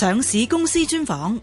上市公司專訪。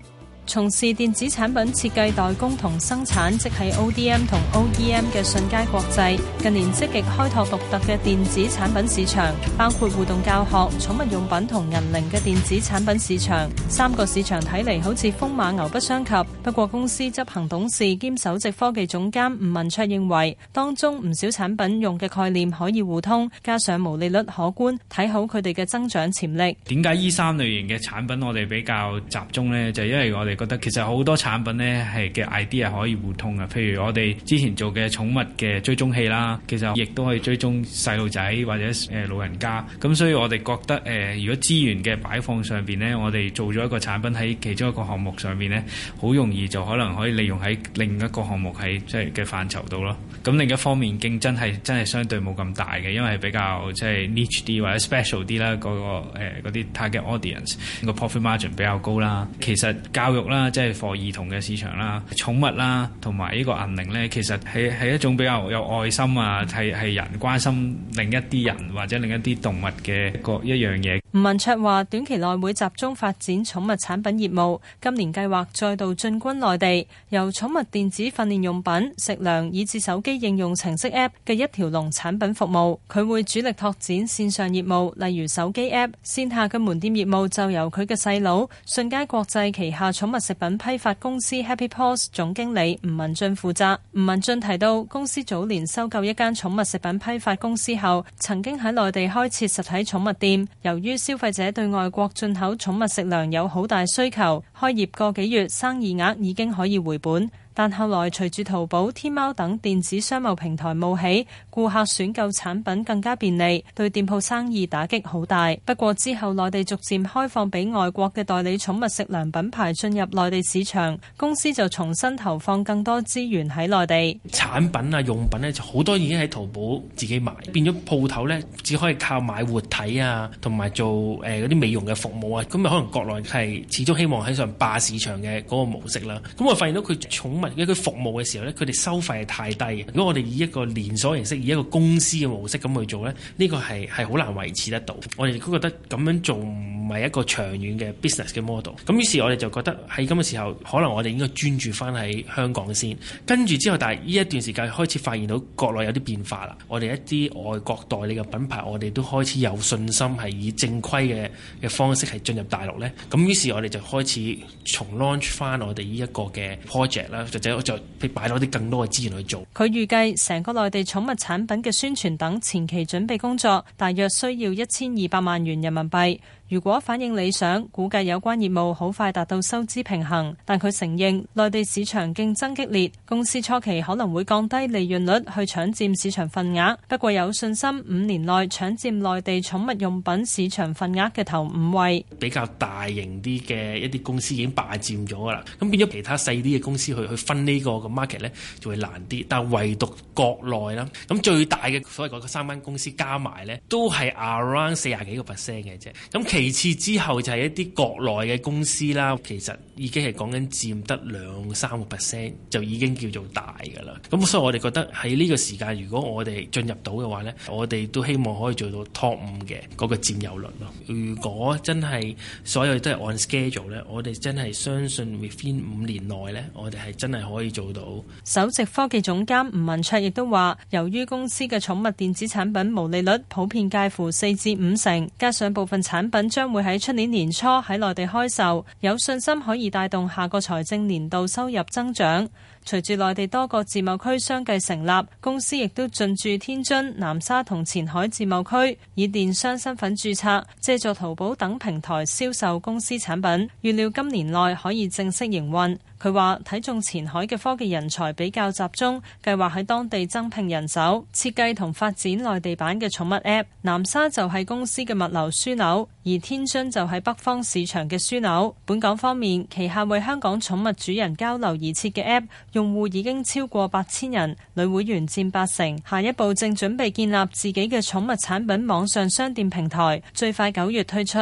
從事電子產品設計代工同生產，即係 ODM 同 OEM 嘅信佳國際近年積極開拓獨特嘅電子產品市場，包括互動教學、寵物用品同銀齡嘅電子產品市場。三個市場睇嚟好似風馬牛不相及，不過公司執行董事兼首席科技總監吳民卓認為，當中唔少產品用嘅概念可以互通，加上毛利率可觀，睇好佢哋嘅增長潛力。點解呢三類型嘅產品我哋比較集中呢？就係、因為我哋覺得其實好多產品咧係嘅 idea 可以互通嘅，譬如我哋之前做嘅寵物嘅追蹤器啦，其實亦都可以追蹤細路仔或者、呃、老人家。咁所以我哋覺得、呃、如果資源嘅擺放上面咧，我哋做咗一個產品喺其中一個項目上面咧，好容易就可能可以利用喺另一個項目喺即係嘅範疇度咯。咁另一方面競爭係真係相對冇咁大嘅，因為是比較即係 niche 啲或者 special 啲啦，嗰、那個嗰啲、呃、target audience 個 profit margin 比較高啦。其實教育啦，即係 for 兒童嘅市場啦，寵物啦、啊，同埋呢個銀齡咧，其實係係一種比較有愛心啊，係係人關心另一啲人或者另一啲動物嘅各一樣嘢。吳文卓話：短期內會集中發展寵物產品業務，今年計劃再度進軍內地，由寵物電子訓練用品、食糧以至手機應用程式 App 嘅一條龍產品服務。佢會主力拓展線上業務，例如手機 App。線下嘅門店業務就由佢嘅細佬信佳國際旗下寵物食品批發公司 Happy Paws 總經理吳民進負責。吳民進提到，公司早年收購一間寵物食品批發公司後，曾經喺內地開設實體寵物店，由於消費者對外國進口寵物食糧有好大需求，開業個幾月生意額已經可以回本。但後來隨住淘寶、天貓等電子商務平台冒起，顧客選購產品更加便利，對店鋪生意打擊好大。不過之後內地逐漸開放俾外國嘅代理寵物食糧品牌進入內地市場，公司就重新投放更多資源喺內地產品啊、用品呢就好多已經喺淘寶自己買，變咗鋪頭呢只可以靠買活體啊，同埋做誒嗰啲美容嘅服務啊。咁啊，可能國內係始終希望喺上霸市場嘅嗰個模式啦。咁我發現到佢寵物。因為佢服務嘅時候，呢佢哋收費係太低。如果我哋以一個連鎖形式，以一個公司嘅模式咁去做咧，呢個係係好難維持得到。我哋都覺得咁樣做唔係一個長遠嘅 business 嘅 model。咁於是，我哋就覺得喺咁嘅時候，可能我哋應該專注翻喺香港先。跟住之後，但係呢一段時間開始發現到國內有啲變化啦。我哋一啲外國代理嘅品牌，我哋都開始有信心係以正規嘅嘅方式係進入大陸呢。咁於是，我哋就開始重 launch 翻我哋呢一個嘅 project 啦。或者我就再去擺多啲更多嘅資源去做。佢預計成個內地寵物產品嘅宣傳等前期準備工作，大約需要一千二百萬元人民幣。如果反應理想，估計有關業務好快達到收支平衡。但佢承認內地市場競爭激烈，公司初期可能會降低利潤率去搶佔市場份額。不過有信心五年內搶佔內地寵物用品市場份額嘅頭五位。比較大型啲嘅一啲公司已經霸佔咗㗎啦，咁變咗其他細啲嘅公司去去分這個呢個嘅 market 咧，就會難啲。但係唯獨國內啦，咁最大嘅所謂嗰三間公司加埋呢，都係 around 四十幾個 percent 嘅啫。咁其次之後就係一啲國內嘅公司啦，其實已經係講緊佔得兩三個 percent，就已經叫做大㗎啦。咁所以我哋覺得喺呢個時間，如果我哋進入到嘅話呢，我哋都希望可以做到 top 五嘅嗰個佔有率咯。如果真係所有都係按 schedule 咧，我哋真係相信 within 五年內呢，我哋係真係可以做到。首席科技總監吳民卓亦都話，由於公司嘅寵物電子產品毛利率普遍介乎四至五成，加上部分產品，將會喺出年年初喺內地開售，有信心可以帶動下個財政年度收入增長。隨住內地多個自貿區相繼成立，公司亦都進駐天津、南沙同前海自貿區，以電商身份註冊，借助淘寶等平台銷售公司產品。預料今年內可以正式營運。佢話睇中前海嘅科技人才比較集中，計劃喺當地增聘人手，設計同發展內地版嘅寵物 App。南沙就係公司嘅物流樞紐，而天津就係北方市場嘅樞紐。本港方面，旗下為香港寵物主人交流而設嘅 App。用戶已經超過八千人，女會員佔八成。下一步正準備建立自己嘅寵物產品網上商店平台，最快九月推出。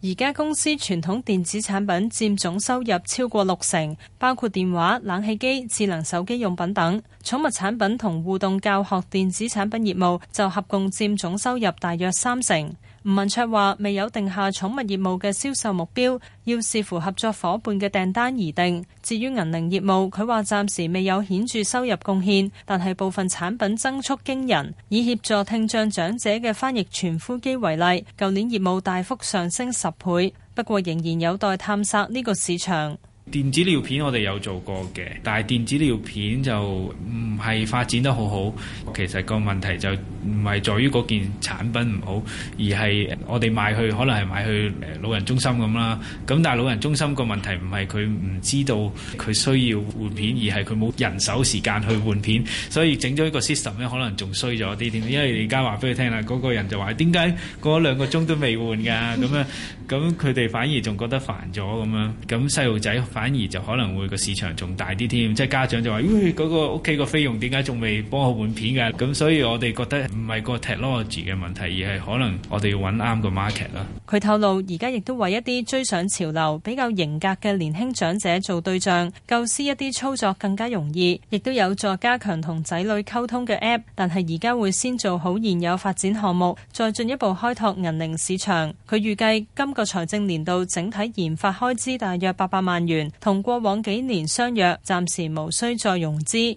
而家公司傳統電子產品佔總收入超過六成，包括電話、冷氣機、智能手機用品等。寵物產品同互動教學電子產品業務就合共佔總收入大約三成。吳民卓話：未有定下寵物業務嘅銷售目標，要視乎合作伙伴嘅訂單而定。至於銀齡業務，佢話暫時未有顯著收入貢獻，但係部分產品增速驚人。以協助聽障長，長者嘅翻譯傳呼機為例，舊年業務大幅上升十倍，不過仍然有待探索呢個市場。電子尿片我哋有做過嘅，但係電子尿片就唔係發展得好好。其實個問題就唔係在於嗰件產品唔好，而係我哋賣去可能係賣去老人中心咁啦。咁但係老人中心個問題唔係佢唔知道佢需要換片，而係佢冇人手時間去換片。所以整咗一個 system 咧，可能仲衰咗啲添。因為你而家話俾佢聽啦，嗰、嗰個人就話：點解過兩個鐘都未換㗎？咁啊， 咁佢哋反而仲覺得煩咗咁樣。咁細路仔。反而就可能會個市場仲大啲添，即係家長就話：嗰、哎嗰個屋企個費用點解仲未幫我換片㗎？咁所以我哋覺得唔係個 technology 嘅問題，而係可能我哋要揾啱個 market 啦。佢透露而家亦都為一啲追上潮流、比較型格嘅年輕長者做對象，構思一啲操作更加容易，亦都有助加強同仔女溝通嘅 app。但係而家會先做好現有發展項目，再進一步開拓銀齡市場。佢預計今個財政年度整體研發開支大約八百萬元。同過往幾年相若，暫時無需再融資。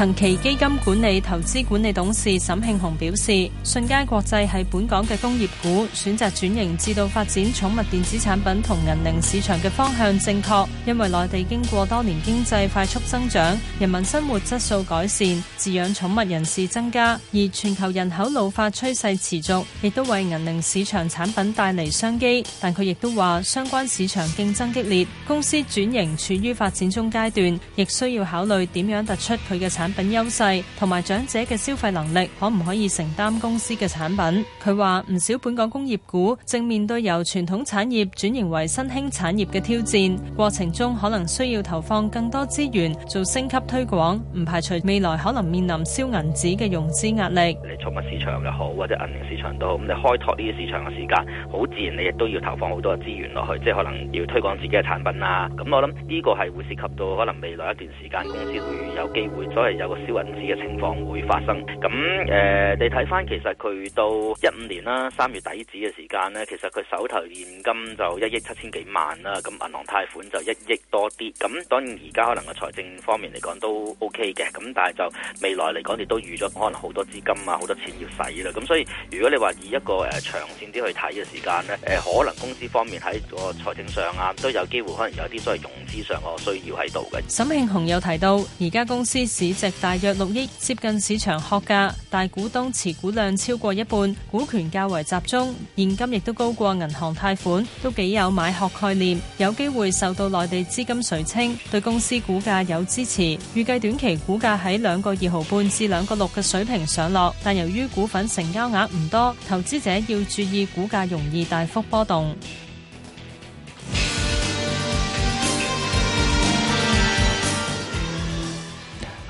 恒奇基金管理投資管理董事沈慶雄表示：信佳國際係本港嘅工業股，選擇轉型至到發展寵物電子產品同銀齡市場嘅方向正確，因為內地經過多年經濟快速增長，人民生活質素改善，飼養寵物人士增加，而全球人口老化趨勢持續，亦都為銀齡市場產品帶嚟商機。但佢亦都話，相關市場競爭激烈，公司轉型處於發展中階段，亦需要考慮點樣突出佢嘅產品。品優勢同埋長者嘅消費能力，可唔可以承擔公司嘅產品？佢話唔少本港工業股正面對由傳統產業轉型為新興產業嘅挑戰，過程中可能需要投放更多資源做升級推廣，唔排除未來可能面臨燒銀紙嘅融資壓力。你寵物市場又好，或者銀齡市場都好，咁你開拓呢啲市場嘅時間，好自然你亦都要投放好多嘅資源落去，即係可能要推廣自己嘅產品啦。咁我諗呢個係會涉及到可能未來一段時間公司會有機會，所以。有個燒銀紙嘅情況會發生，咁誒，你睇翻，其實佢到一五年啦，三月底止嘅時間呢，其實佢手頭現金就一億七千幾萬啦，咁銀行貸款就一億多啲，咁當然而家可能個財政方面嚟講都 O K 嘅，咁但係就未來嚟講，亦都預咗可能好多資金啊，好多錢要使啦，咁所以如果你話以一個誒長線啲去睇嘅時間呢，誒，可能公司方面喺個財政上啊，都有機會可能有啲所謂融資上嘅需要喺度嘅。沈慶雄又提到，而家公司市值。大約六億，接近市場殼價，大股東持股量超過一半，股權較為集中，現金亦都高過銀行貸款，都幾有買殼概念，有機會受到內地資金垂青，對公司股價有支持。預計短期股價喺兩個二毫半至兩個六嘅水平上落，但由於股份成交額唔多，投資者要注意股價容易大幅波動。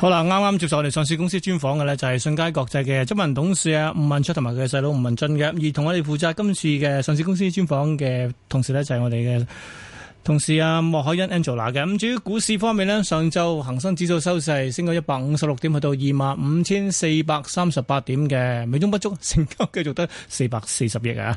好啦，啱啱接受我哋上市公司專訪嘅呢，就係信佳國際嘅執行董事啊吳民卓同埋佢細佬吳民進嘅，而同我哋負責今次嘅上市公司專訪嘅同事呢，就係、是、我哋嘅同事啊莫海欣 Angela 嘅。咁至於股市方面呢，上晝恒生指數收市升咗一百五十六點，去到二萬五千四百三十八點嘅，美中不足，成交繼續得四百四十億啊。